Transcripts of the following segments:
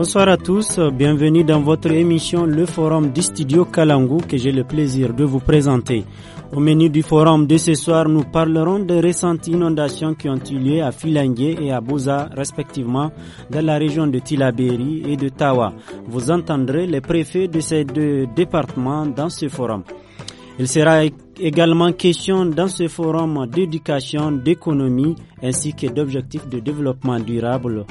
Bonsoir à tous, bienvenue dans votre émission Le Forum du Studio Kalangou que j'ai le plaisir de vous présenter. Au menu du forum de ce soir, nous parlerons des récentes inondations qui ont eu lieu à Filangué et à Boza, respectivement, dans la région de Tilaberi et de Tawa. Vous entendrez les préfets de ces deux départements dans ce forum. Il sera également question dans ce forum d'éducation, d'économie ainsi que d'objectifs de développement durable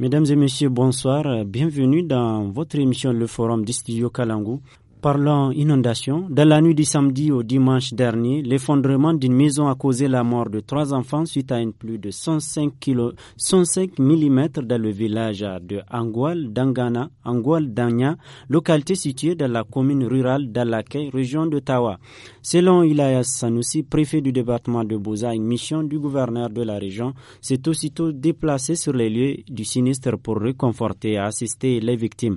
Mesdames et messieurs, bonsoir. Bienvenue dans votre émission Le Forum du Studio Kalangou. Parlant inondation, dans la nuit du samedi au dimanche dernier, l'effondrement d'une maison a causé la mort de trois enfants suite à une pluie de 105, mm dans le village de Angual Dangana, Danya, localité située dans la commune rurale d'Alakei, région d'Ottawa. Selon Ilayas Sanoussi, préfet du département de Boza, mission du gouverneur de la région s'est aussitôt déplacé sur les lieux du sinistre pour réconforter et assister les victimes.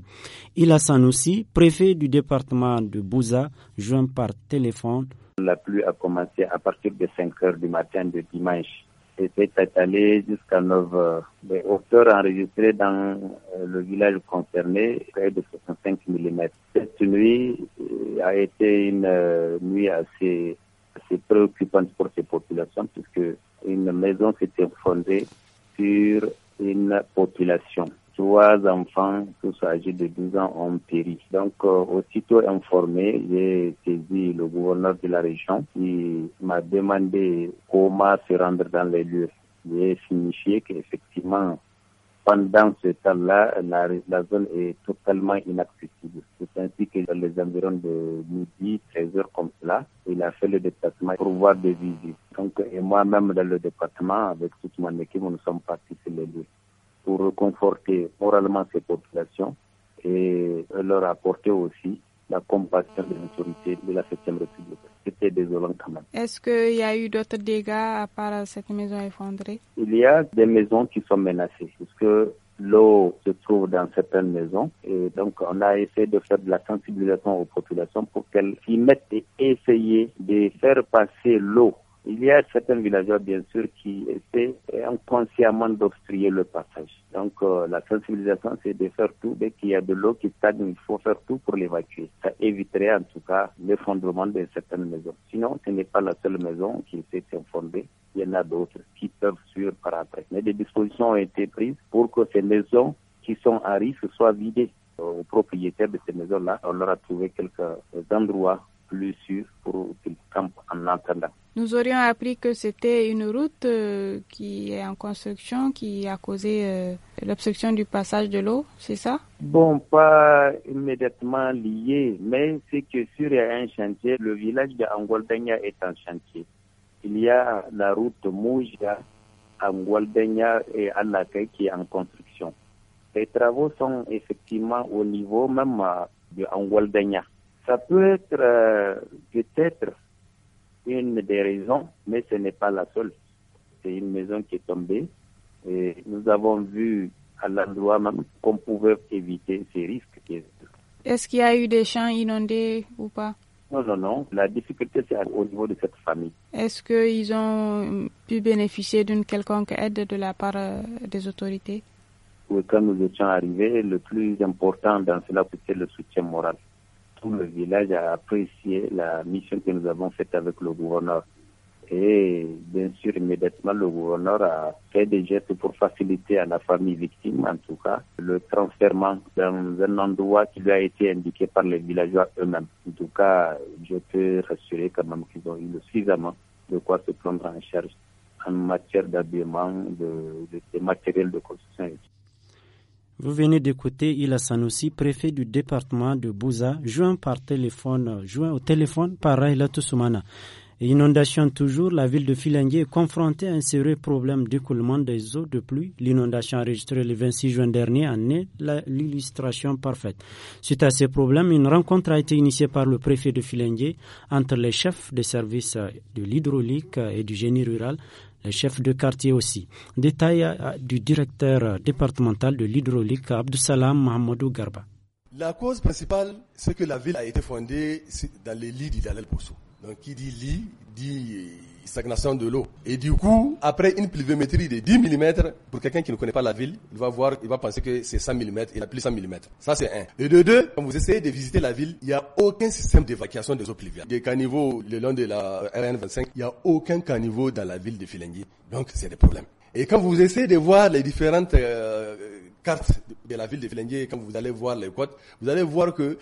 Il Ila aussi préfet du département de Bouza, joint par téléphone. La pluie a commencé à partir de 5 heures du matin de dimanche et s'est étalée jusqu'à 9 heures. Les hauteurs enregistrées dans euh, le village concerné, près de 65 mm. Cette nuit euh, a été une euh, nuit assez, assez préoccupante pour ces populations puisque une maison s'était fondée sur une population trois enfants tous âgés de 12 ans ont péri. Donc, euh, aussitôt informé, j'ai saisi le gouverneur de la région qui m'a demandé comment se rendre dans les lieux. J'ai signifié qu'effectivement, pendant ce temps-là, la, zone est totalement inaccessible. C'est ainsi que dans les environs de midi, 13 heures comme cela, il a fait le déplacement pour voir des visites. Donc, et moi-même dans le département, avec toute mon équipe, nous sommes partis sur les lieux pour conforter moralement ces populations et leur apporter aussi la compassion de l'autorité de la septième République. C'était désolant quand même. Est-ce qu'il y a eu d'autres dégâts à part cette maison effondrée Il y a des maisons qui sont menacées, puisque l'eau se trouve dans certaines maisons. Et donc, on a essayé de faire de la sensibilisation aux populations pour qu'elles s'y mettent et essayer de faire passer l'eau il y a certains villageois, bien sûr, qui essaient inconsciemment d'obstruer le passage. Donc, euh, la sensibilisation, c'est de faire tout. Dès qu'il y a de l'eau qui stagne, il faut faire tout pour l'évacuer. Ça éviterait, en tout cas, l'effondrement de certaines maisons. Sinon, ce n'est pas la seule maison qui s'est effondrée. Il y en a d'autres qui peuvent suivre par après. Mais des dispositions ont été prises pour que ces maisons qui sont à risque soient vidées euh, aux propriétaires de ces maisons-là. On leur a trouvé quelques endroits plus pour en attendant. Nous aurions appris que c'était une route euh, qui est en construction qui a causé euh, l'obstruction du passage de l'eau, c'est ça Bon, pas immédiatement lié, mais c'est que sur un chantier, le village d'Angoldania est en chantier. Il y a la route Mouja, Angoldania et Alakai qui est en construction. Les travaux sont effectivement au niveau même euh, de ça peut être euh, peut-être une des raisons, mais ce n'est pas la seule. C'est une maison qui est tombée et nous avons vu à l'endroit même qu'on pouvait éviter ces risques. Est-ce qu'il y a eu des champs inondés ou pas Non, non, non. La difficulté, c'est au niveau de cette famille. Est-ce qu'ils ont euh, pu bénéficier d'une quelconque aide de la part euh, des autorités Oui, quand nous étions arrivés, le plus important dans cela, c'était le soutien moral tout le village a apprécié la mission que nous avons faite avec le gouverneur. Et bien sûr, immédiatement, le gouverneur a fait des gestes pour faciliter à la famille victime, en tout cas, le transfert dans un endroit qui lui a été indiqué par les villageois eux-mêmes. En tout cas, je peux rassurer quand même qu'ils ont eu suffisamment de quoi se prendre en charge en matière d'habillement, de, de, de matériel de construction. Vous venez d'écouter Ila Sanoussi, préfet du département de Bouza, joint, par téléphone, joint au téléphone par Raila Toussoumana. Inondation toujours, la ville de Filengue est confrontée à un sérieux problème d'écoulement des eaux de pluie. L'inondation enregistrée le 26 juin dernier en est l'illustration parfaite. Suite à ces problèmes, une rencontre a été initiée par le préfet de Filengue entre les chefs des services de l'hydraulique et du génie rural les chefs de quartier aussi. Détail euh, du directeur euh, départemental de l'hydraulique, Abdusalam Mahamadou Garba. La cause principale, c'est que la ville a été fondée dans les lits Donc, qui dit lit, dit stagnation de l'eau. Et du coup, après une pluviométrie de 10 mm, pour quelqu'un qui ne connaît pas la ville, il va voir, il va penser que c'est 100 mm, il a plus 100 mm. Ça, c'est un. Et de deux, quand vous essayez de visiter la ville, il n'y a aucun système d'évacuation des eaux pluviales. Des caniveaux le long de la RN25, il n'y a aucun caniveau dans la ville de Filengui. Donc, c'est des problèmes. Et quand vous essayez de voir les différentes euh, cartes de la ville de Filengue, quand vous allez voir les côtes, vous allez voir que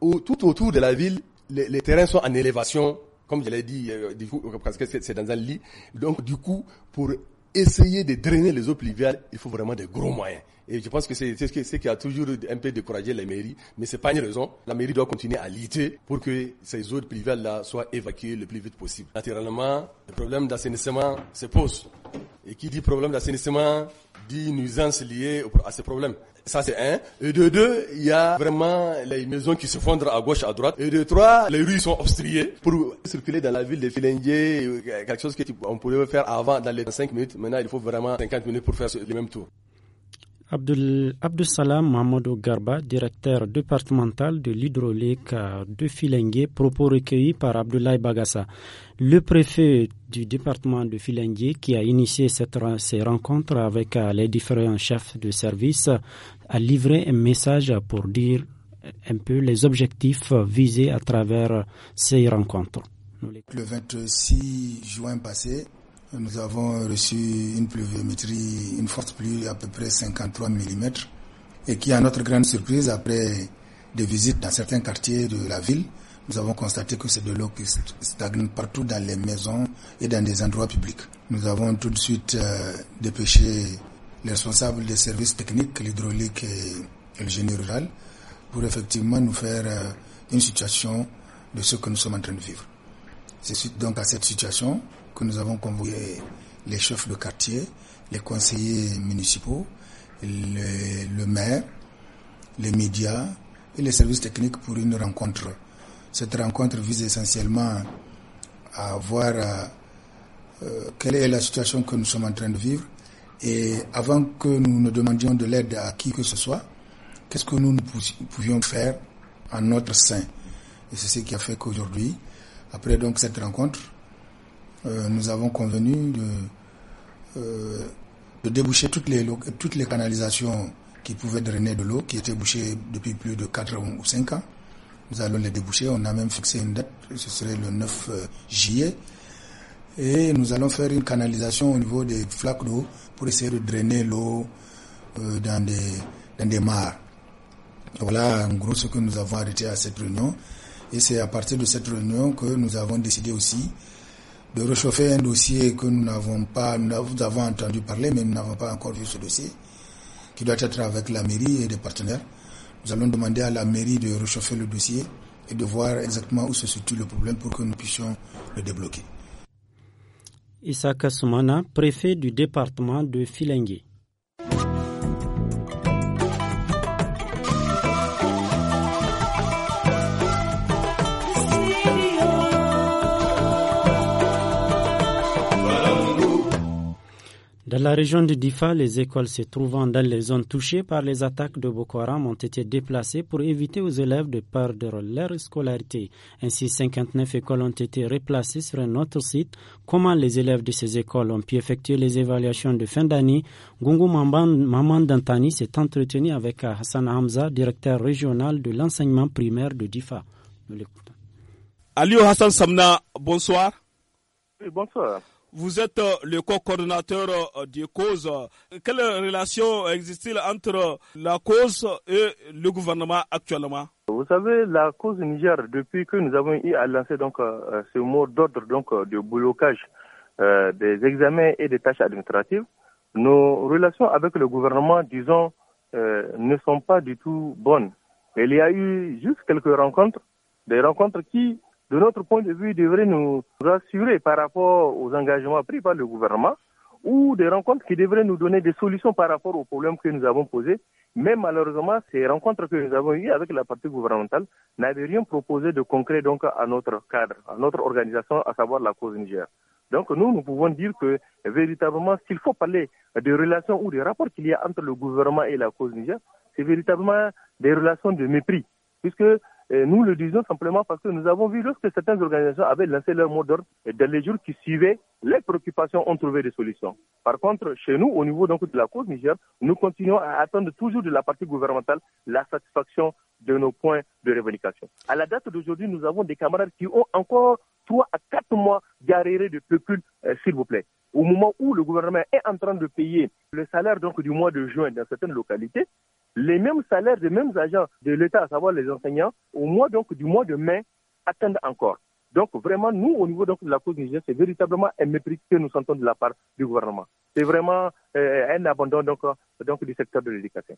tout autour de la ville, les terrains sont en élévation comme je l'ai dit, euh, du coup, parce que c'est dans un lit. Donc, du coup, pour essayer de drainer les eaux pluviales, il faut vraiment des gros moyens. Et je pense que c'est ce qui a toujours un peu découragé les mairies. Mais c'est pas une raison. La mairie doit continuer à lutter pour que ces zones privées-là soient évacuées le plus vite possible. Naturellement, le problème d'assainissement se pose. Et qui dit problème d'assainissement dit nuisance liée à ces problèmes. Ça, c'est un. Et de deux, il y a vraiment les maisons qui se fondent à gauche, à droite. Et de trois, les rues sont obstruées pour circuler dans la ville de Filendier. Euh, quelque chose qu'on pouvait faire avant dans les cinq minutes. Maintenant, il faut vraiment 50 minutes pour faire le même tour. Abdul, Salam Garba, directeur départemental de l'hydraulique de Filengue, propos recueillis par Abdoulaye Bagassa. Le préfet du département de Filengue qui a initié ces rencontres avec euh, les différents chefs de service a livré un message pour dire un peu les objectifs visés à travers ces rencontres. Le 26 juin passé, nous avons reçu une pluviométrie, une forte pluie à peu près 53 mm et qui, à notre grande surprise, après des visites dans certains quartiers de la ville, nous avons constaté que c'est de l'eau qui stagne partout dans les maisons et dans des endroits publics. Nous avons tout de suite euh, dépêché les responsables des services techniques, l'hydraulique et, le rural pour effectivement nous faire euh, une situation de ce que nous sommes en train de vivre. C'est suite donc à cette situation que nous avons convoyé les chefs de quartier, les conseillers municipaux, le, maire, les médias et les services techniques pour une rencontre. Cette rencontre vise essentiellement à voir euh, quelle est la situation que nous sommes en train de vivre et avant que nous ne demandions de l'aide à qui que ce soit, qu'est-ce que nous, nous pouvions faire en notre sein. Et c'est ce qui a fait qu'aujourd'hui, après donc cette rencontre, euh, nous avons convenu de, euh, déboucher toutes les, toutes les canalisations qui pouvaient drainer de l'eau, qui étaient bouchées depuis plus de 4 ou 5 ans. Nous allons les déboucher. On a même fixé une date, ce serait le 9 euh, juillet. Et nous allons faire une canalisation au niveau des flaques d'eau pour essayer de drainer l'eau dans, des, dans des mares. Voilà en gros ce que nous avons arrêté à cette réunion. Et c'est à partir de cette réunion que nous avons décidé aussi de réchauffer un dossier que nous n'avons pas, nous avons entendu parler, mais nous n'avons pas encore vu ce dossier, qui doit être avec la mairie et des partenaires. Nous allons demander à la mairie de réchauffer le dossier et de voir exactement où se situe le problème pour que nous puissions le débloquer. Issa Kasumana, préfet du département de Filengue. Dans la région de Difa, les écoles se trouvant dans les zones touchées par les attaques de Boko Haram ont été déplacées pour éviter aux élèves de perdre leur scolarité. Ainsi, 59 écoles ont été replacées sur un autre site. Comment les élèves de ces écoles ont pu effectuer les évaluations de fin d'année Gungu Maman Dantani s'est entretenu avec Hassan Hamza, directeur régional de l'enseignement primaire de Difa. Nous Hassan Samna, bonsoir. Oui, bonsoir. Vous êtes euh, le co-coordonnateur euh, des cause. Quelle relation existe-t-il entre la cause et le gouvernement actuellement Vous savez, la cause Niger, depuis que nous avons eu à lancer donc, euh, ce mot d'ordre donc, de blocage des examens et des tâches administratives, nos relations avec le gouvernement, disons, ne sont pas du tout bonnes. Il y a eu juste quelques rencontres, des rencontres qui de notre point de vue, devrait nous rassurer par rapport aux engagements pris par le gouvernement ou des rencontres qui devraient nous donner des solutions par rapport aux problèmes que nous avons posés. Mais malheureusement, ces rencontres que nous avons eues avec la partie gouvernementale n'avaient rien proposé de concret donc à notre cadre, à notre organisation, à savoir la cause Niger. Donc nous, nous pouvons dire que véritablement, s'il faut parler des relations ou des rapports qu'il y a entre le gouvernement et la cause Niger, c'est véritablement des relations de mépris, puisque nous le disons simplement parce que nous avons vu lorsque certaines organisations avaient lancé leur mot d'ordre, et dans les jours qui suivaient, les préoccupations ont trouvé des solutions. Par contre, chez nous, au niveau de la cause Niger, nous continuons à attendre toujours de la partie gouvernementale la satisfaction de nos points de revendication. À la date d'aujourd'hui, nous avons des camarades qui ont encore trois à quatre mois d'arrêt de pécule, euh, s'il vous plaît. Au moment où le gouvernement est en train de payer le salaire du mois de juin dans certaines localités, les mêmes salaires des mêmes agents de l'État, à savoir les enseignants, au mois donc du mois de mai, attendent encore. Donc vraiment, nous, au niveau donc, de la cause nigérienne, c'est véritablement un mépris que nous sentons de la part du gouvernement. C'est vraiment euh, un abandon donc, donc, du secteur de l'éducation.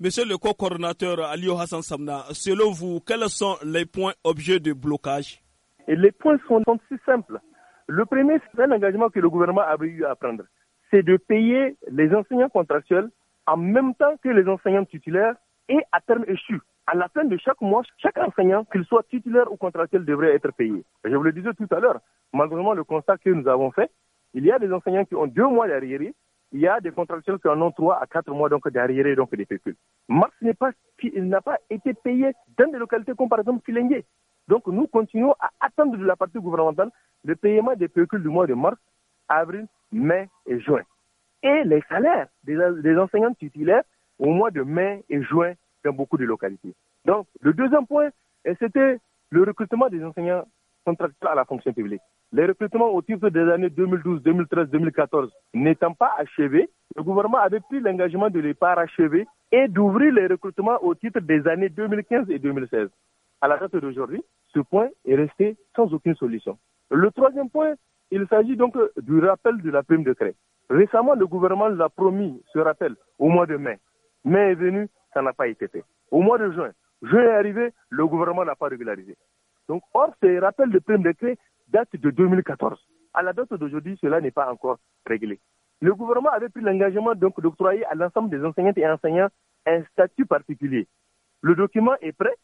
Monsieur le co-coordinateur Alio Hassan Samna, selon vous, quels sont les points objets de blocage Et Les points sont, sont si simples. Le premier, c'est un engagement que le gouvernement avait eu à prendre. C'est de payer les enseignants contractuels en même temps que les enseignants titulaires et à terme échu. À la fin de chaque mois, chaque enseignant, qu'il soit titulaire ou contractuel, devrait être payé. je vous le disais tout à l'heure, malheureusement, le constat que nous avons fait, il y a des enseignants qui ont deux mois d'arriéré, il y a des contractuels qui en ont trois à quatre mois donc d'arriéré, donc des pécules. Mars n'est pas, il n'a pas été payé dans des localités comme par exemple Filengue. Donc nous continuons à attendre de la partie gouvernementale le paiement des pécules du mois de mars, avril, mai et juin et les salaires des, enseignants titulaires au mois de mai et juin dans beaucoup de localités. Donc, le deuxième point, c'était le recrutement des enseignants contractuels à la fonction publique. Les recrutements au titre des années 2012, 2013, 2014 n'étant pas achevés, le gouvernement avait pris l'engagement de les parachever et d'ouvrir les recrutements au titre des années 2015 et 2016. À la date d'aujourd'hui, ce point est resté sans aucune solution. Le troisième point, il s'agit donc du rappel de la prime de crédit. Récemment, le gouvernement l'a promis, se rappel, au mois de mai. Mai est venu, ça n'a pas été fait. Au mois de juin, juin est arrivé, le gouvernement n'a pas régularisé. Donc, or, ce rappel de primes décret date de 2014. À la date d'aujourd'hui, cela n'est pas encore réglé. Le gouvernement avait pris l'engagement donc d'octroyer à l'ensemble des enseignantes et enseignants un statut particulier. Le document est prêt,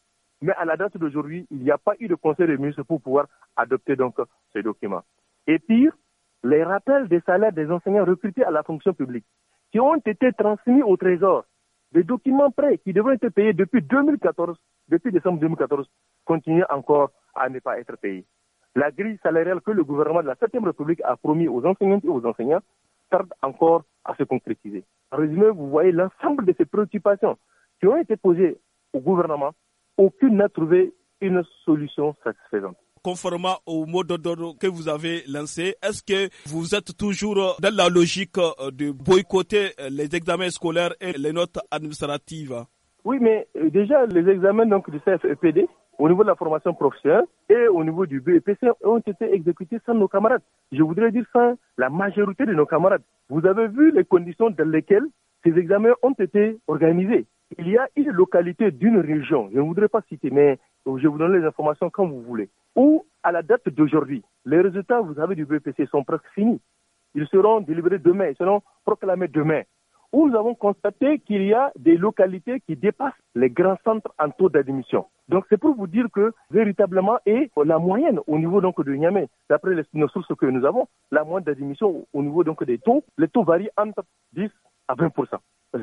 mais à la date d'aujourd'hui, il n'y a pas eu de conseil des ministres pour pouvoir adopter donc ce document. Et pire, les rappels des salaires des enseignants recrutés à la fonction publique, qui ont été transmis au Trésor, des documents prêts qui devraient être payés depuis 2014, depuis décembre 2014, continuent encore à ne pas être payés. La grille salariale que le gouvernement de la 7 République a promis aux enseignantes et aux enseignants tarde encore à se concrétiser. En résumé, vous voyez l'ensemble de ces préoccupations qui ont été posées au gouvernement. Aucune n'a trouvé une solution satisfaisante conformément au mode d'ordre que vous avez lancé, est-ce que vous êtes toujours dans la logique euh, de boycotter euh, les examens scolaires et les notes administratives Oui, mais euh, déjà, les examens donc, du CFEPD, au niveau de la formation professionnelle et au niveau du BEPC ont été exécutés sans nos camarades. Je voudrais dire sans la majorité de nos camarades. Vous avez vu les conditions dans lesquelles ces examens ont été organisés. Il y a une localité d'une région, je ne voudrais pas citer, mais je vous donne les informations quand vous voulez, ou à la date d'aujourd'hui. Les résultats, vous avez du BPC sont presque finis. Ils seront délivrés demain, ils seront proclamés demain. Où nous avons constaté qu'il y a des localités qui dépassent les grands centres en taux d'admission. Donc c'est pour vous dire que véritablement, et la moyenne au niveau donc de Niamey, d'après les sources que nous avons, la moyenne d'admission au niveau donc des taux, les taux varient entre 10 à 20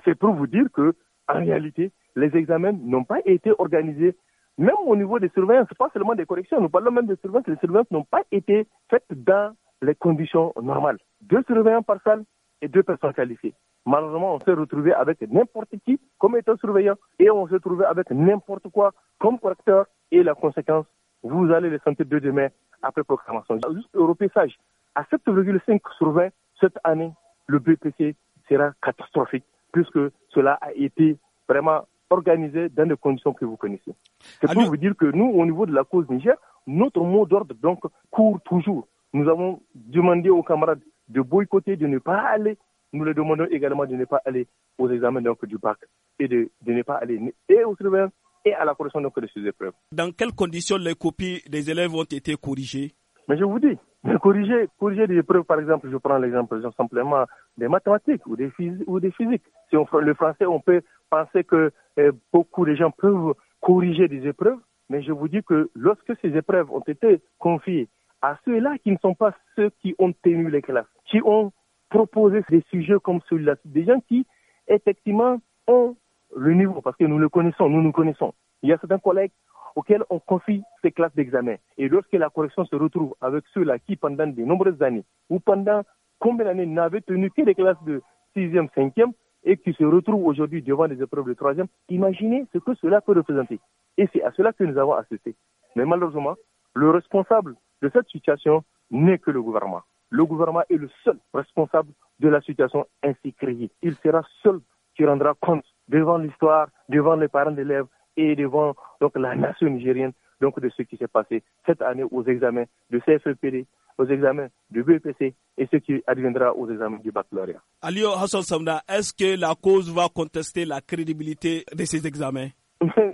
C'est pour vous dire que en réalité, les examens n'ont pas été organisés même au niveau des surveillances, pas seulement des corrections, nous parlons même des surveillances, les surveillances n'ont pas été faites dans les conditions normales. Deux surveillants par salle et deux personnes qualifiées. Malheureusement, on s'est retrouvé avec n'importe qui comme étant surveillant et on s'est retrouvé avec n'importe quoi comme correcteur et la conséquence, vous allez le sentir de demain après proclamation. Juste au sage. à 7,5 sur 20 cette année, le BPC sera catastrophique puisque cela a été vraiment organisé dans les conditions que vous connaissez. C'est ah, pour vous dire que nous, au niveau de la cause Niger, notre mot d'ordre donc court toujours. Nous avons demandé aux camarades de boycotter, de ne pas aller. Nous leur demandons également de ne pas aller aux examens donc, du bac et de, ne pas aller et aux surveillances et à la correction donc, de ces épreuves. Dans quelles conditions les copies des élèves ont été corrigées Mais je vous dis, corriger, des épreuves, par exemple, je prends l'exemple simplement des mathématiques ou des, ou des physiques. Si on le français, on peut penser que eh, beaucoup de gens peuvent corriger des épreuves, mais je vous dis que lorsque ces épreuves ont été confiées à ceux-là qui ne sont pas ceux qui ont tenu les classes, qui ont proposé des sujets comme celui-là, des gens qui, effectivement, ont le niveau, parce que nous le connaissons, nous nous connaissons. Il y a certains collègues auxquels on confie ces classes d'examen. Et lorsque la correction se retrouve avec ceux-là qui, pendant de nombreuses années, ou pendant combien d'années, n'avaient tenu que des classes de 6e, 5e, et qui se retrouvent aujourd'hui devant les épreuves de troisième, imaginez ce que cela peut représenter. Et c'est à cela que nous avons assisté. Mais malheureusement, le responsable de cette situation n'est que le gouvernement. Le gouvernement est le seul responsable de la situation ainsi créée. Il sera seul qui rendra compte devant l'histoire, devant les parents d'élèves et devant donc, la nation nigérienne donc, de ce qui s'est passé cette année aux examens de CFEPD, aux examens du BPC e et ce qui adviendra aux examens du baccalauréat. Alio Hassan Samda, est-ce que la cause va contester la crédibilité de ces examens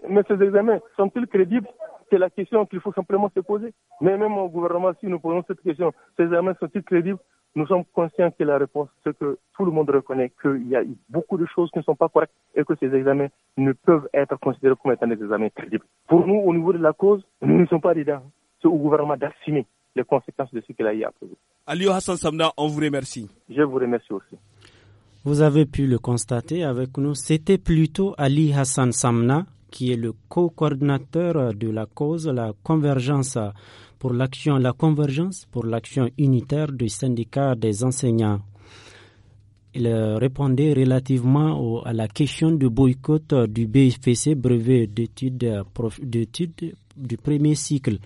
mais, ces examens sont-ils crédibles c'est la question qu'il faut simplement se poser. Mais même au gouvernement, si nous posons cette question, ces examens sont-ils crédibles Nous sommes conscients que la réponse, c'est que tout le monde reconnaît qu'il y a beaucoup de choses qui ne sont pas correctes et que ces examens ne peuvent être considérés comme étant des examens crédibles. Pour nous, au niveau de la cause, nous ne sommes pas dedans. C'est au gouvernement d'assumer les conséquences de ce qu'il a eu après vous. Hassan Samna, on vous remercie. Je vous remercie aussi. Vous avez pu le constater avec nous, c'était plutôt Ali Hassan Samna qui est le co-coordinateur de la cause, la convergence pour l'action, la convergence pour l'action unitaire du syndicat des enseignants il euh, répondait relativement à la question du boycott euh, du BFC, brevet euh, d'études du premier cycle.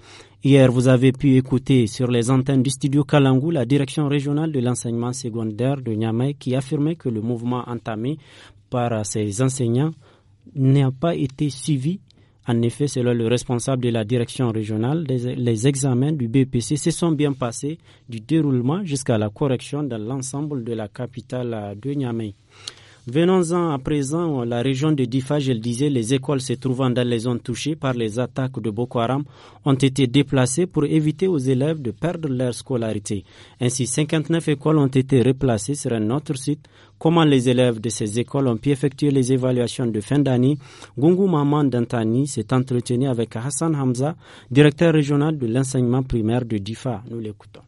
Hier, vous avez pu écouter sur les antennes du studio Kalangou la direction régionale de l'enseignement secondaire de Niamey qui affirmait que le mouvement entamé par ses enseignants n'a pas été suivi en effet, selon le responsable de la direction régionale, les, examens du BPC se sont bien passés du déroulement jusqu'à la correction dans l'ensemble de la capitale de Niamey. Venons-en à présent la région de Difa, je le disais, les écoles se trouvant dans les zones touchées par les attaques de Boko Haram ont été déplacées pour éviter aux élèves de perdre leur scolarité. Ainsi, 59 écoles ont été replacées sur un autre site comment les élèves de ces écoles ont pu effectuer les évaluations de fin d'année, Gungu Maman Dantani s'est entretenu avec Hassan Hamza, directeur régional de l'enseignement primaire de DIFA. Nous l'écoutons.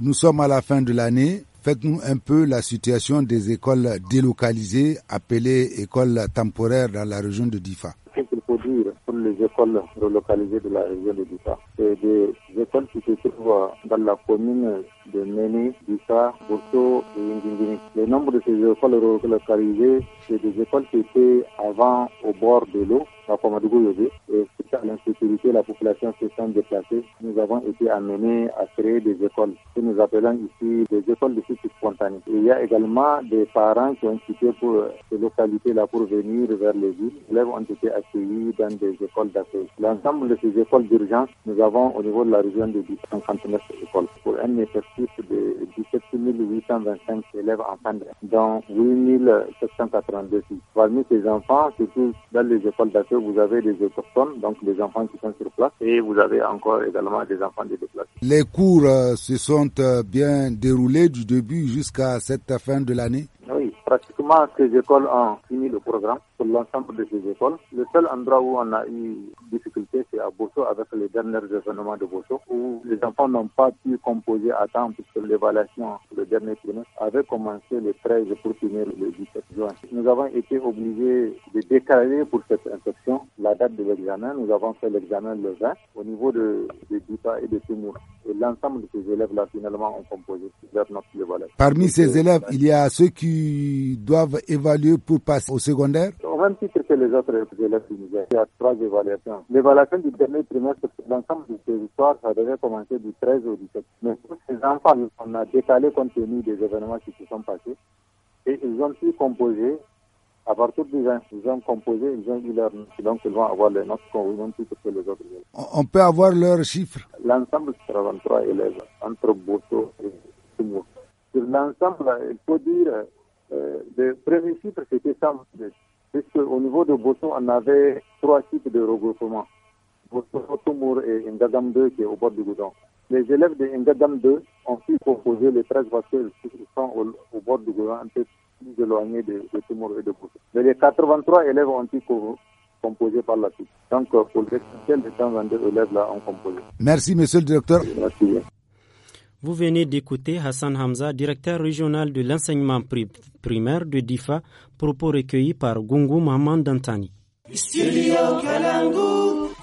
Nous sommes à la fin de l'année. Faites-nous un peu la situation des écoles délocalisées, appelées écoles temporaires dans la région de Difa. Ce qu'il faut dire pour les écoles relocalisées de la région de Difa, c'est des écoles qui se trouvent dans la commune de Méni, d'Issa, Borso et Ndingini. Le nombre de ces écoles localisées, c'est des écoles qui étaient avant au bord de l'eau, à Komadougou Et suite à l'insécurité, la population sent déplacée. Nous avons été amenés à créer des écoles, que nous appelons ici des écoles de suite spontanée. il y a également des parents qui ont quitté pour ces localités-là pour venir vers les villes. Les élèves ont été accueillis dans des écoles d'accueil. L'ensemble de ces écoles d'urgence, nous avons au niveau de la région de 59 écoles pour un mètre de 17 825 élèves enfants, dont 8 782 Parmi ces enfants, surtout dans les écoles d'accueil, vous avez des autochtones, donc les enfants qui sont sur place, et vous avez encore également des enfants de déplacés. Les cours euh, se sont euh, bien déroulés du début jusqu'à cette fin de l'année oui, pratiquement ces écoles ont fini le programme pour l'ensemble de ces écoles. Le seul endroit où on a eu difficulté, c'est à Bosso avec les derniers événements de Bosso où les enfants n'ont pas pu composer à temps puisque l'évaluation, le dernier trimestre, avait commencé le 13 pour finir le 17 juin. Nous avons été obligés de décaler pour cette inspection la date de l'examen. Nous avons fait l'examen le 20 au niveau de, de et de Timur. Et l'ensemble de ces élèves-là, finalement, ont composé vers notre évaluation. Parmi ces euh, élèves, il y a ceux qui doivent évaluer pour passer au secondaire On Au même titre que les autres élèves du il y a trois évaluations. L'évaluation du dernier trimestre sur l'ensemble du territoire, ça devait commencer du 13 au 17. Mais tous ces enfants, on a décalé compte tenu des événements qui se sont passés et ils ont pu composer à partir du 20. ils ont composé, ils ont eu leur donc ils vont avoir les notes qu'on même titre que les autres élèves. On peut avoir leurs chiffres L'ensemble, c'est 23 élèves, entre Boto et Timur. Sur l'ensemble, il faut dire, euh, le premier chiffre, c'était ça, Au niveau de Bosson, on avait trois types de regroupements. Bosson, Tumour et Ngadam 2 qui est au bord du Goudan. Les élèves de Ngadam 2 ont pu proposer les 13 voitures qui sont au, bord du Goudan, un peu plus éloignés de, de Tumour et de Bosson. Mais les 83 élèves ont pu composer par la suite. Donc, euh, pour l'essentiel, les 122 élèves là ont composé. Merci, monsieur le directeur. Merci. Vous venez d'écouter Hassan Hamza, directeur régional de l'enseignement primaire de DIFA, propos recueillis par Gungu Maman Dantani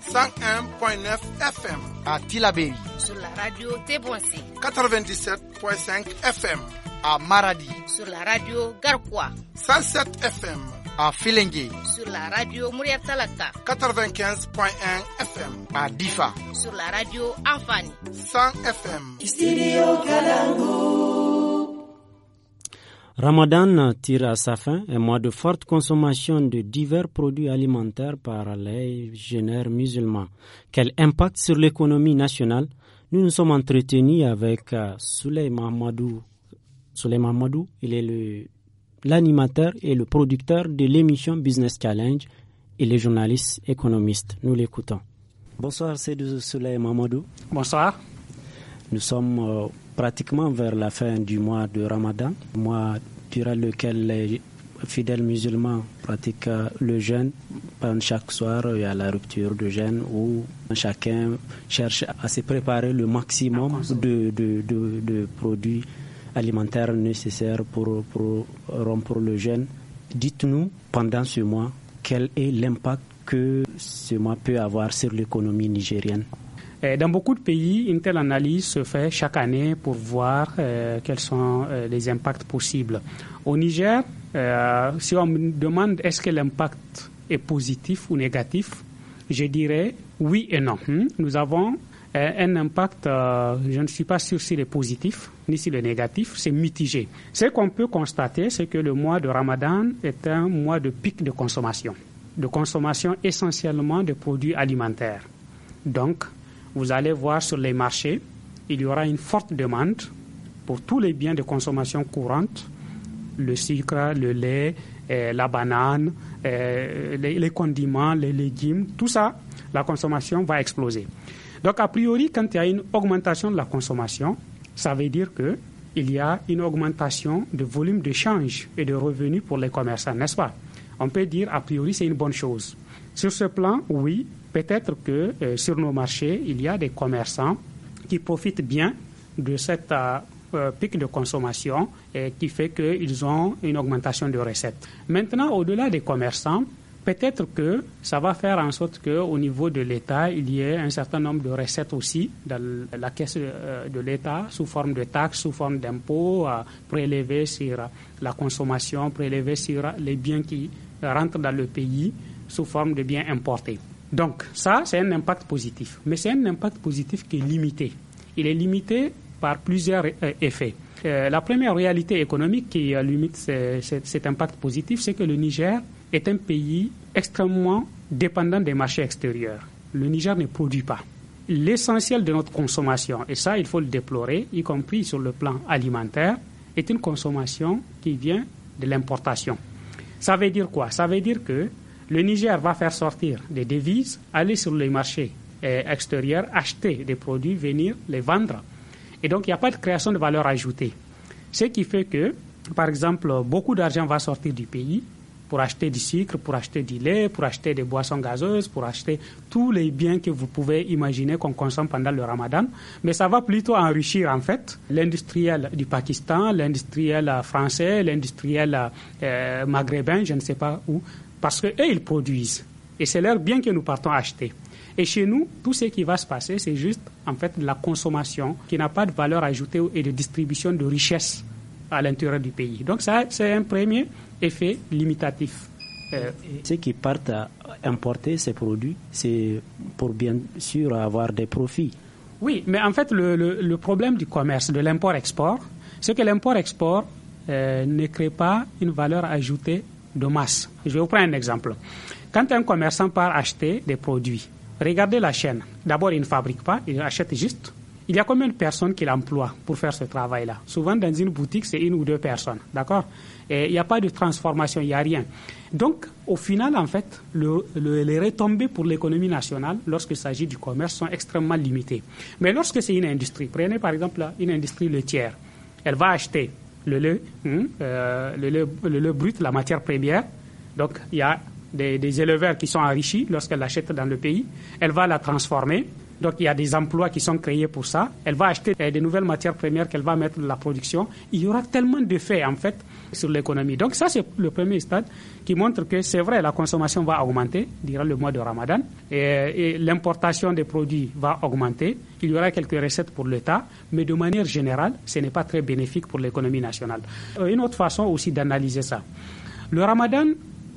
101.9 FM à Tilabéri. Sur la radio Téboissé. 97.5 FM à Maradi. Sur la radio Garquois. 107 FM à Filengue. Sur la radio Mouriatalata. 95.1 FM à Difa. Sur la radio Anfani. 100 FM. Studio Kalangu. Ramadan tire à sa fin un mois de forte consommation de divers produits alimentaires par les musulman. musulmans. Quel impact sur l'économie nationale Nous nous sommes entretenus avec euh, Souley Mahmadou. il est l'animateur et le producteur de l'émission Business Challenge. et le journaliste économiste. Nous l'écoutons. Bonsoir, c'est Souleymane Bonsoir. Nous sommes euh, pratiquement vers la fin du mois de Ramadan, mois durant lequel les fidèles musulmans pratiquent euh, le jeûne. Chaque soir, il y a la rupture de jeûne où chacun cherche à se préparer le maximum de, produits alimentaires nécessaires pour, pour rompre le jeûne. Dites-nous, pendant ce mois, quel est l'impact que ce mois peut avoir sur l'économie nigérienne euh, dans beaucoup de pays, une telle analyse se fait chaque année pour voir euh, quels sont euh, les impacts possibles. Au Niger, si on me demande est-ce que l'impact est positif ou négatif, je dirais oui et non. Hmm? Nous avons un impact, je ne suis pas sûr s'il est positif ni s'il est négatif, c'est mitigé. Ce qu'on peut constater, c'est que le mois de Ramadan est un mois de pic de consommation, de consommation essentiellement de produits alimentaires. Donc, vous allez voir sur les marchés, il y aura une forte demande pour tous les biens de consommation courante, le sucre, le lait, euh, la banane, euh, les, condiments, les légumes, tout ça, la consommation va exploser. Donc a priori, quand il y a une augmentation de la consommation, ça veut dire que il y a une augmentation de volume de change et de revenus pour les commerçants, n'est-ce pas On peut dire a priori c'est une bonne chose. Sur ce plan, oui, peut-être que euh, sur nos marchés, il y a des commerçants qui profitent bien de cette euh, euh, pic de consommation et qui fait qu'ils ont une augmentation de recettes. Maintenant, au-delà des commerçants, peut-être que ça va faire en sorte qu'au niveau de l'État, il y ait un certain nombre de recettes aussi dans la caisse de l'État sous forme de taxes, sous forme d'impôts prélevés sur la consommation, prélevés sur les biens qui rentrent dans le pays sous forme de biens importés. Donc ça, c'est un impact positif, mais c'est un impact positif qui est limité. Il est limité par plusieurs euh, effets. Euh, la première réalité économique qui euh, limite cet impact positif, c'est que le Niger est un pays extrêmement dépendant des marchés extérieurs. Le Niger ne produit pas. L'essentiel de notre consommation, et ça il faut le déplorer, y compris sur le plan alimentaire, est une consommation qui vient de l'importation. Ça veut dire quoi Ça veut dire que le Niger va faire sortir des devises, aller sur les marchés euh, extérieurs, acheter des produits, venir les vendre. Et donc, il n'y a pas de création de valeur ajoutée. Ce qui fait que, par exemple, beaucoup d'argent va sortir du pays pour acheter du sucre, pour acheter du lait, pour acheter des boissons gazeuses, pour acheter tous les biens que vous pouvez imaginer qu'on consomme pendant le ramadan. Mais ça va plutôt enrichir, en fait, l'industriel du Pakistan, l'industriel euh, français, l'industriel euh, maghrébin, je ne sais pas où. Parce qu'eux, ils produisent. Et c'est leur bien que nous partons acheter. Et chez nous, tout ce qui va se passer, c'est juste en fait la consommation qui n'a pas de valeur ajoutée et de distribution de richesses à l'intérieur du pays. Donc ça, c'est un premier effet limitatif. Euh, ceux qui partent à importer ces produits, c'est pour bien sûr avoir des profits. Oui, mais en fait, le, problème du commerce, de l'import-export, c'est que l'import-export euh, ne crée pas une valeur ajoutée de masse. Je vais vous prendre un exemple. Quand un commerçant part acheter des produits, regardez la chaîne. D'abord, il ne fabrique pas, il achète juste. Il y a combien de personnes qu'il emploie pour faire ce travail-là Souvent, dans une boutique, c'est une ou deux personnes. D'accord Et il n'y a pas de transformation, il n'y a rien. Donc, au final, en fait, les retombées pour l'économie nationale, lorsqu'il s'agit du commerce, sont extrêmement limitées. Mais lorsque c'est une industrie, prenez par exemple une industrie laitière, elle va acheter Hmm, euh, le lait, le, brut, la matière première. Donc, il y a des, des éleveurs qui sont enrichis lorsqu'elle l'achète dans le pays. Elle va la transformer donc il y a des emplois qui sont créés pour ça. Elle va acheter euh, des nouvelles matières premières qu'elle va mettre dans la production. Il y aura tellement de faits en fait sur l'économie. Donc ça c'est le premier stade qui montre que c'est vrai la consommation va augmenter durant le mois de Ramadan et, et l'importation des produits va augmenter. Il y aura quelques recettes pour l'État, mais de manière générale, ce n'est pas très bénéfique pour l'économie nationale. Euh, une autre façon aussi d'analyser ça. Le Ramadan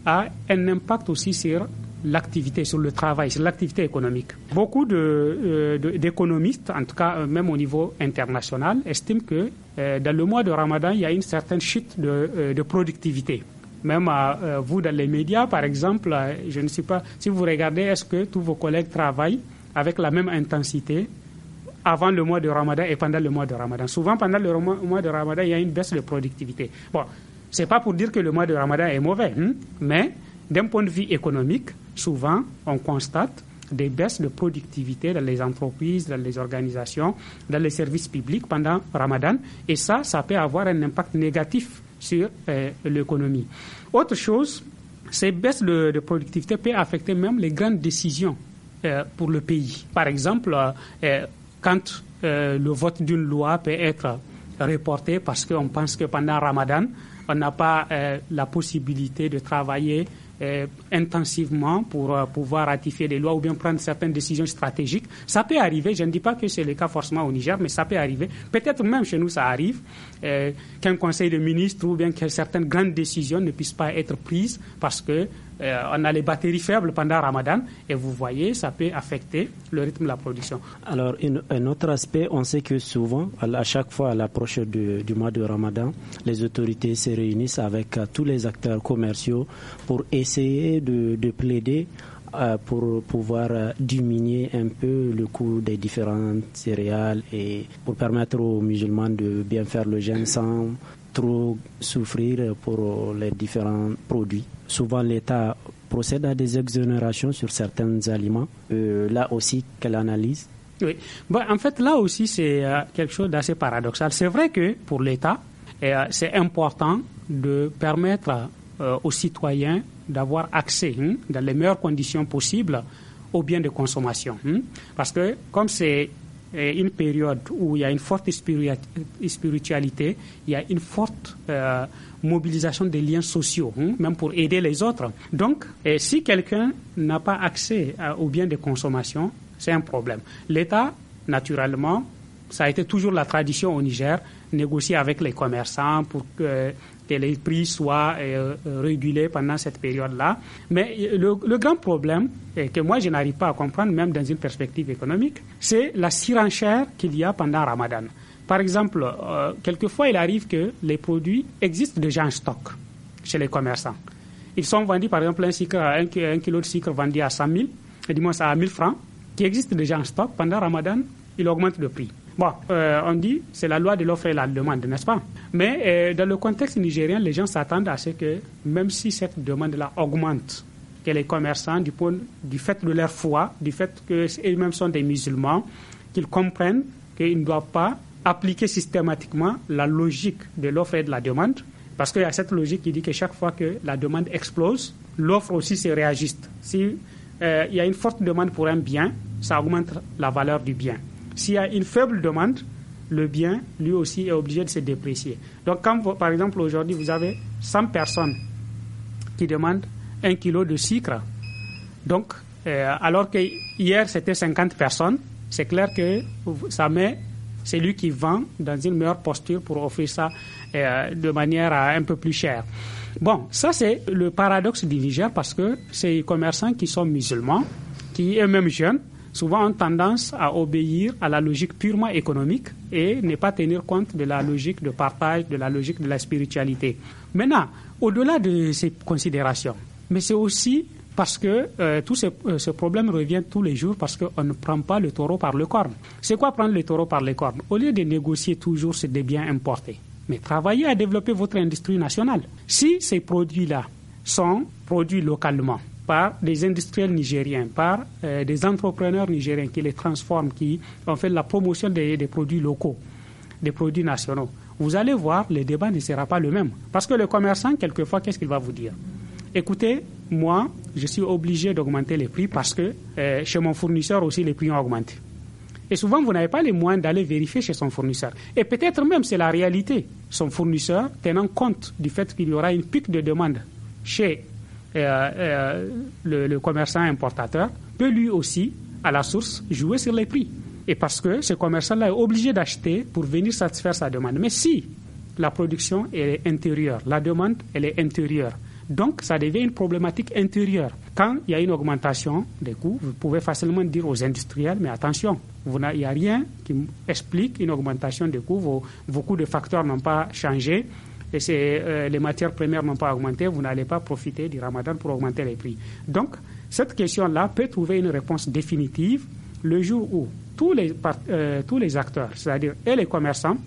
a un impact aussi sur l'activité, sur le travail, sur l'activité économique. Beaucoup d'économistes, euh, de, d'économistes, en tout cas euh, même au niveau international, estiment que euh, dans le mois de Ramadan, il y a une certaine chute de, de productivité même vous dans les médias, par exemple, je ne sais pas, si vous regardez, est-ce que tous vos collègues travaillent avec la même intensité avant le mois de Ramadan et pendant le mois de Ramadan Souvent, pendant le mois de Ramadan, il y a une baisse de productivité. Bon, ce n'est pas pour dire que le mois de Ramadan est mauvais, hein, mais d'un point de vue économique, souvent, on constate des baisses de productivité dans les entreprises, dans les organisations, dans les services publics pendant Ramadan. Et ça, ça peut avoir un impact négatif sur euh, l'économie. Autre chose, ces baisses de, productivité peuvent affecter même les grandes décisions euh, pour le pays. Par exemple, euh, quand le vote d'une loi peut être reporté parce qu'on pense que pendant Ramadan, on n'a pas la possibilité de travailler euh, intensivement pour euh, pouvoir ratifier des lois ou bien prendre certaines décisions stratégiques. Ça peut arriver, je ne dis pas que c'est le cas forcément au Niger, mais ça peut arriver. Peut-être même chez nous, ça arrive euh, qu'un conseil de ministre ou bien que certaines grandes décisions ne puissent pas être prises parce que euh, on a les batteries faibles pendant Ramadan et vous voyez, ça peut affecter le rythme de la production. Alors, un autre aspect, on sait que souvent, à chaque fois à l'approche du, mois de Ramadan, les autorités se réunissent avec euh, tous les acteurs commerciaux pour essayer de, de plaider euh, pour pouvoir diminuer un peu le coût des différentes céréales et pour permettre aux musulmans de bien faire le jeûne sans trop souffrir pour les différents produits. Souvent, l'État procède à des exonérations sur certains aliments. Euh, là aussi, quelle analyse Oui. en fait, là aussi, c'est euh, quelque chose d'assez paradoxal. C'est vrai que pour l'État, euh, c'est important de permettre aux citoyens d'avoir accès hein, dans les meilleures conditions possibles aux biens de consommation. Hein. parce que comme c'est une eh, période où il y a une forte spiritualité, il y a une forte euh, mobilisation des liens sociaux, hein, même pour aider les autres. Donc, et eh, si quelqu'un n'a pas accès aux biens de consommation, c'est un problème. L'État, naturellement, ça a été toujours la tradition au Niger, négocier avec les commerçants pour que que les prix soient euh, euh, régulés pendant cette période-là. Mais euh, le, grand problème, et que moi je n'arrive pas à comprendre, même dans une perspective économique, c'est la surenchère qu'il y a pendant Ramadan. Par exemple, quelquefois il arrive que les produits existent déjà en stock chez les commerçants. Ils sont vendus, par exemple, un, kilo de sucre vendu à 100 000, et du moins à 1000 francs, qui existe déjà en stock pendant Ramadan, il augmente le prix. Bon, euh, on dit c'est la loi de l'offre et la demande, n'est-ce pas Mais euh, dans le contexte nigérien, les gens s'attendent à ce que même si cette demande-là augmente, que les commerçants, du, fait de leur foi, du fait qu'ils-mêmes sont des musulmans, qu'ils comprennent qu'ils ne doivent pas appliquer systématiquement la logique de l'offre et de la demande, parce qu'il y a cette logique qui dit que chaque fois que la demande explose, l'offre aussi se réajuste. S'il euh, y a une forte demande pour un bien, ça augmente la valeur du bien. S'il y a une faible demande, le bien, lui aussi, est obligé de se déprécier. Donc, par exemple, aujourd'hui, vous avez 100 personnes qui demandent un kilo de sucre, donc, euh, alors que hier, c'était 50 personnes, c'est clair que ça met celui qui vend dans une meilleure posture pour offrir ça euh, de manière euh, un peu plus chère. Bon, ça c'est le paradoxe du Niger parce que ces commerçants qui sont musulmans, qui eux-mêmes jeunes, souvent ont tendance à obéir à la logique purement économique et ne pas tenir compte de la logique de partage, de la logique de la spiritualité. Maintenant, au-delà de ces considérations, mais c'est aussi parce que euh, tout euh, ce, problème revient tous les jours parce qu'on ne prend pas le taureau par le corne. C'est quoi prendre le taureau par le corne Au lieu de négocier toujours sur des biens importés, mais travailler à développer votre industrie nationale. Si ces produits-là sont produits localement, par des industriels nigériens, par euh, des entrepreneurs nigériens qui les transforment, qui ont fait la promotion des, produits locaux, des produits nationaux. Vous allez voir, le débat ne sera pas le même. Parce que le commerçant, quelquefois, qu'est-ce qu'il va vous dire Écoutez, moi, je suis obligé d'augmenter les prix parce que euh, chez mon fournisseur aussi, les prix ont augmenté. Et souvent, vous n'avez pas les moyens d'aller vérifier chez son fournisseur. Et peut-être même, c'est la réalité. Son fournisseur, tenant compte du fait qu'il y aura une pique de demande chez euh, euh, le, commerçant importateur peut lui aussi, à la source, jouer sur les prix. Et parce que ce commerçant-là est obligé d'acheter pour venir satisfaire sa demande. Mais si la production est intérieure, la demande elle est intérieure, donc, ça devient une problématique intérieure. Quand il y a une augmentation des coûts, vous pouvez facilement dire aux industriels, mais attention, vous il n'y a rien qui explique une augmentation des coûts, vos, vos coûts de facteurs n'ont pas changé, et euh, les matières premières n'ont pas augmenté, vous n'allez pas profiter du ramadan pour augmenter les prix. Donc, cette question-là peut trouver une réponse définitive le jour où tous les, euh, tous les acteurs, c'est-à-dire et les commerçants,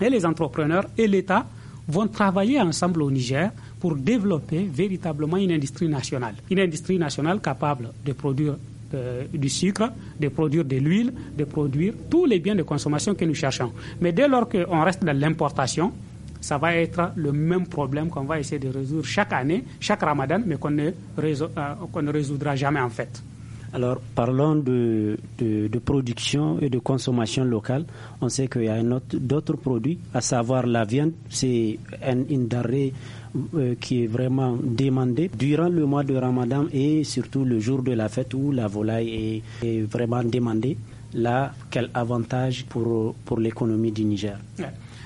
et les entrepreneurs, et l'État, vont travailler ensemble au Niger pour développer véritablement une industrie nationale. Une industrie nationale capable de produire euh, du sucre, de produire de l'huile, de produire tous les biens de consommation que nous cherchons. Mais dès lors qu'on reste dans l'importation, ça va être le même problème qu'on va essayer de résoudre chaque année, chaque ramadan, mais qu'on ne, euh, ne, résoudra jamais en fait. Alors parlons de, production et de consommation locale. On sait qu'il y a d'autres produits, à savoir la viande, c'est un, une denrée euh, qui est vraiment demandée durant le mois de Ramadan et surtout le jour de la fête où la volaille est, vraiment demandée là, quel avantage pour, pour l'économie du Niger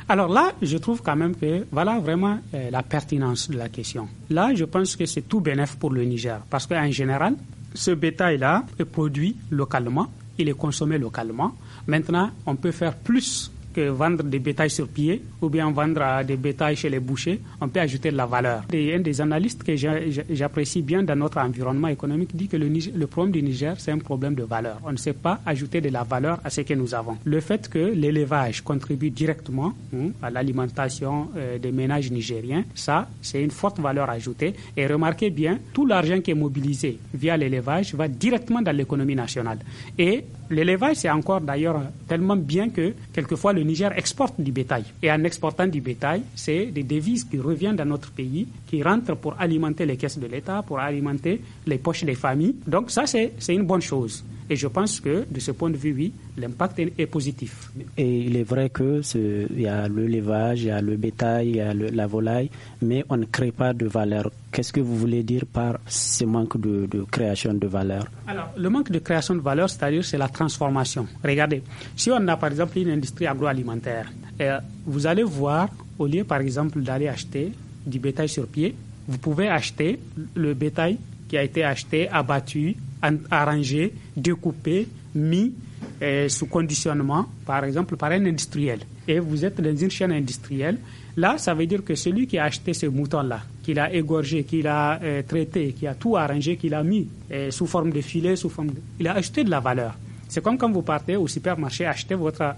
alors là, je trouve quand même que voilà vraiment euh, la pertinence de la question. Là, je pense que c'est tout bénéf pour le Niger, parce qu'en général, ce bétail-là est produit localement, il est consommé localement. Maintenant, on peut faire plus que vendre des bétails sur pied ou bien vendre des bétails chez les bouchers, on peut ajouter de la valeur. un des analystes que j'apprécie bien dans notre environnement économique dit que le, le problème du Niger, c'est un problème de valeur. On ne sait pas ajouter de la valeur à ce que nous avons. Le fait que l'élevage contribue directement hein, à l'alimentation euh, des ménages nigériens, ça, c'est une forte valeur ajoutée. Et remarquez bien, tout l'argent qui est mobilisé via l'élevage va directement dans l'économie nationale. Et l'élevage, c'est encore d'ailleurs tellement bien que quelquefois le Niger exporte du bétail. Et en exportant du bétail, c'est des devises qui reviennent dans notre pays, qui rentrent pour alimenter les caisses de l'État, pour alimenter les poches des familles. Donc ça, c'est une bonne chose. Et je pense que, de ce point de vue, oui, l'impact est, positif. Et il est vrai qu'il y a le levage, il y a le bétail, il y a la volaille, mais on ne crée pas de valeur. Qu'est-ce que vous voulez dire par ce manque de, création de valeur Alors, le manque de création de valeur, c'est-à-dire, c'est la transformation. Regardez, si on a par exemple une industrie agroalimentaire, euh, vous allez voir, au lieu par exemple d'aller acheter du bétail sur pied, vous pouvez acheter le bétail qui a été acheté, abattu, arrangé, découpé, mis euh, sous conditionnement, par exemple, par un industriel. Et vous êtes dans une chaîne industrielle. Là, ça veut dire que celui qui a acheté ce mouton-là, qu'il l'a égorgé, qu'il l'a euh, traité, qui a tout arrangé, qui l'a mis euh, sous forme de filet, sous forme il a acheté de la valeur. C'est comme quand vous partez au supermarché acheter votre,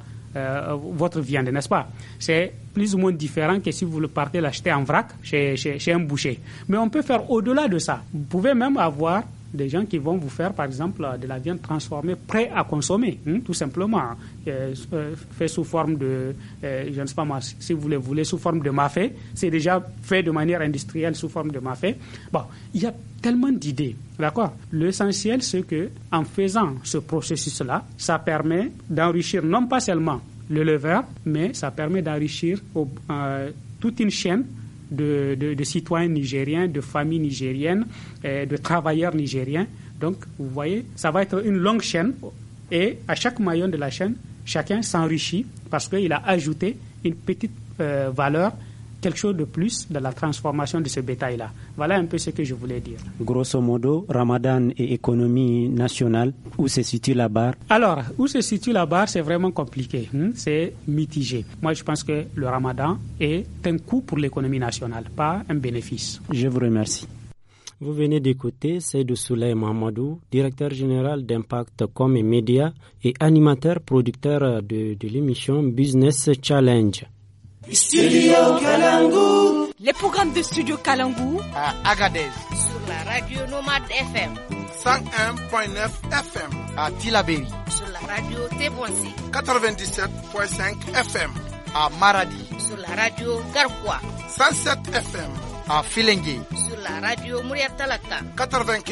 votre viande, n'est-ce pas C'est plus ou moins différent que si vous le partez l'acheter en vrac chez, chez un boucher. Mais on peut faire au-delà de ça. Vous pouvez même avoir des gens qui vont vous faire, par exemple, euh, de la viande transformée, prêt à consommer, hein, tout simplement, hein. euh, euh, fait sous forme de, je ne sais pas moi, si vous le voulez, sous forme de mafé. C'est déjà fait de manière industrielle sous forme de mafé. Bon, il y a tellement d'idées, d'accord L'essentiel, c'est que en faisant ce processus-là, ça permet d'enrichir non pas seulement le leveur, mais ça permet d'enrichir toute une chaîne de, citoyens nigériens, de familles nigériennes, euh, de travailleurs nigériens. Donc, vous voyez, ça va être une longue chaîne et à chaque maillon de la chaîne, chacun s'enrichit parce qu'il a ajouté une petite euh, valeur quelque chose de plus dans la transformation de ce bétail-là. Voilà un peu ce que je voulais dire. Grosso modo, Ramadan et économie nationale, où se situe la barre Alors, où se situe la barre, c'est vraiment compliqué. Hein? c'est mitigé. Moi, je pense que le Ramadan est un coût pour l'économie nationale, pas un bénéfice. Je vous remercie. Vous venez d'écouter Seydou Souley Mamadou, directeur général d'Impact Com et Média et animateur producteur de l'émission Business Challenge. Studio Les programmes de Studio Kalangu à Agadez. Sur la radio Nomad FM. 101.9 FM à Tilaberi. Sur la radio Tebouansi. 97.5 FM à Maradi. Sur la radio Garkwa. 107 FM à Filengue. Sur la radio Mouriatalaka. 95.1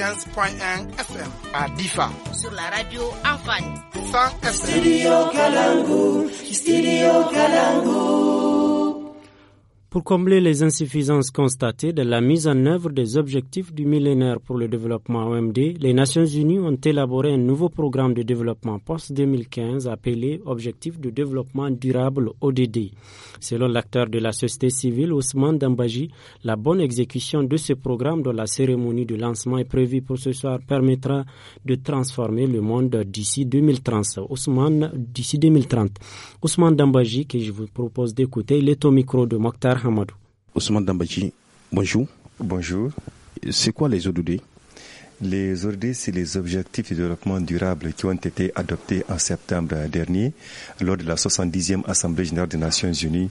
FM à Difa. Sur la radio Anfani. 100 FM. Studio Kalangu. Studio Kalangu pour combler les insuffisances constatées de la mise en œuvre des objectifs du millénaire pour le développement OMD, les Nations Unies ont élaboré un nouveau programme de développement post-2015 appelé Objectif de développement durable ODD. Selon l'acteur de la société civile Ousmane Dambaji, la bonne exécution de ce programme dont la cérémonie de lancement est prévue pour ce soir permettra de transformer le monde d'ici 2030. Ousmane, d'ici 2030. Ousmane Dambaji, que je vous propose d'écouter, il est au micro de Mokhtar Ousmane Dambachi, bonjour. Bonjour. C'est quoi les ODD les ODD, c'est les objectifs de développement durable qui ont été adoptés en septembre dernier lors de la 70e Assemblée générale des Nations Unies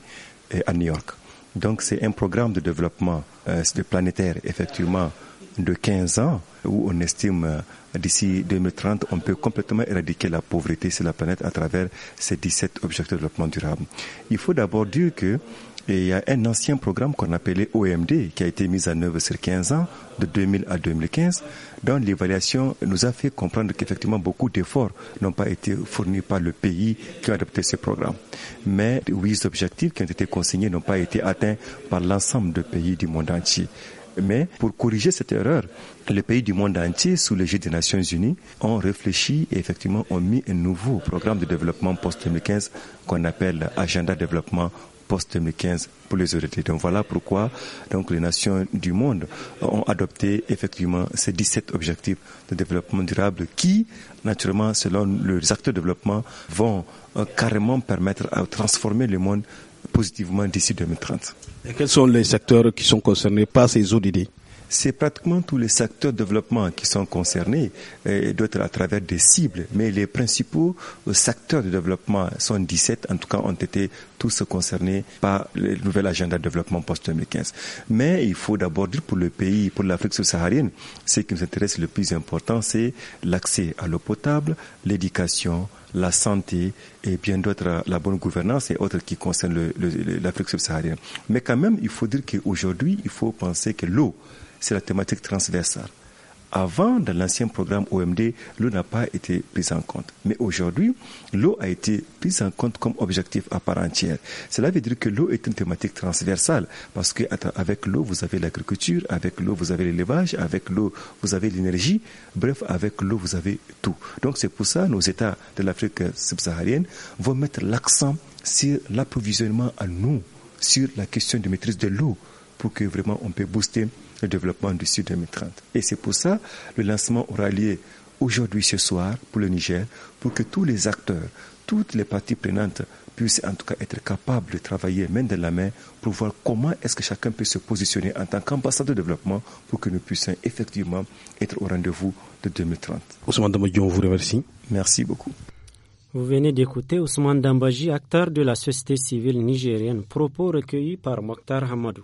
euh, à New York. Donc c'est un programme de développement euh, planétaire effectivement de 15 ans où on estime euh, d'ici 2030, on peut complètement éradiquer la pauvreté sur la planète à travers ces 17 objectifs de développement durable. Il faut d'abord dire que eh, il y a un ancien programme qu'on appelait OMD qui a été mis en œuvre sur 15 ans, de 2000 à 2015, dont l'évaluation nous a fait comprendre qu'effectivement beaucoup d'efforts n'ont pas été fournis par le pays qui a adopté ce programme. Mais huit objectifs qui ont été consignés n'ont pas été atteints par l'ensemble des pays du monde entier. Mais pour corriger cette erreur, les pays du monde entier, sous l'égide des Nations Unies, ont réfléchi et effectivement ont mis un nouveau programme de développement post-2015 qu'on appelle Agenda Développement post-2015 pour les autorités. Donc voilà pourquoi donc, les nations du monde ont adopté effectivement ces 17 objectifs de développement durable qui, naturellement, selon les acteurs de développement, vont euh, carrément permettre de transformer le monde positivement d'ici 2030. Et quels sont les secteurs qui sont concernés par ces ODD c'est pratiquement tous les secteurs de développement qui sont concernés, euh, et être à travers des cibles, mais les principaux euh, secteurs de développement sont 17, en tout cas ont été tous concernés par le nouvel agenda de développement post-2015. Mais il faut d'abord dire pour le pays, pour l'Afrique subsaharienne, ce qui nous intéresse le plus important, c'est l'accès à l'eau potable, l'éducation, la santé et bien d'autres, la bonne gouvernance et autres qui concernent l'Afrique subsaharienne. Mais quand même, il faut dire qu'aujourd'hui, il faut penser que l'eau, c'est la thématique transversale. Avant, dans l'ancien programme OMD, l'eau n'a pas été prise en compte. Mais aujourd'hui, l'eau a été prise en compte comme objectif à part entière. Cela veut dire que l'eau est une thématique transversale parce que avec l'eau, vous avez l'agriculture, avec l'eau, vous avez l'élevage, avec l'eau, vous avez l'énergie. Bref, avec l'eau, vous avez tout. Donc c'est pour ça nos États de l'Afrique subsaharienne vont mettre l'accent sur l'approvisionnement à nous, sur la question de maîtrise de l'eau pour que vraiment on peut booster le développement du Sud 2030. Et c'est pour ça le lancement aura lieu aujourd'hui ce soir pour le Niger, pour que tous les acteurs, toutes les parties prenantes puissent en tout cas être capables de travailler main dans la main pour voir comment est-ce que chacun peut se positionner en tant qu'ambassadeur de développement pour que nous puissions effectivement être au rendez-vous de 2030. Ousmane Dambaji, on vous remercie. Merci beaucoup. Vous venez d'écouter Ousmane Dambaji, acteur de la société civile nigérienne, propos recueillis par Mokhtar Hamadou.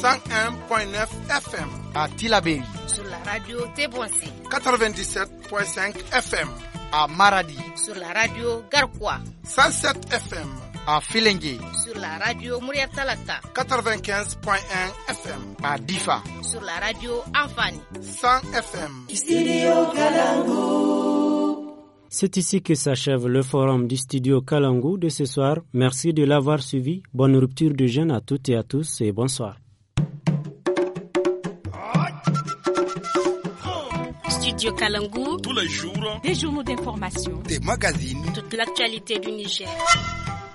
101.9 FM à Tilaberi. Sur la radio Tébouassi. 97.5 FM à Maradi. Sur la radio Garkwa. 107 FM à Filengue. Sur la radio Mouriatalata 95.1 FM à Difa. Sur la radio Anfani. 100 FM. Studio C'est ici que s'achève le forum du studio Kalangou de ce soir. Merci de l'avoir suivi. Bonne rupture de jeûne à toutes et à tous et bonsoir. Radio Tous les jours. Des journaux d'information. Des magazines. Toute l'actualité du Niger.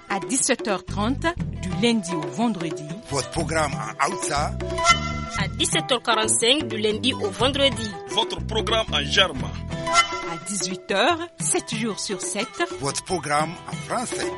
À 17h30, du lundi au vendredi. Votre programme en Aoussa. À 17h45, du lundi au vendredi. Votre programme en Germain. À 18h, 7 jours sur 7. Votre programme en français.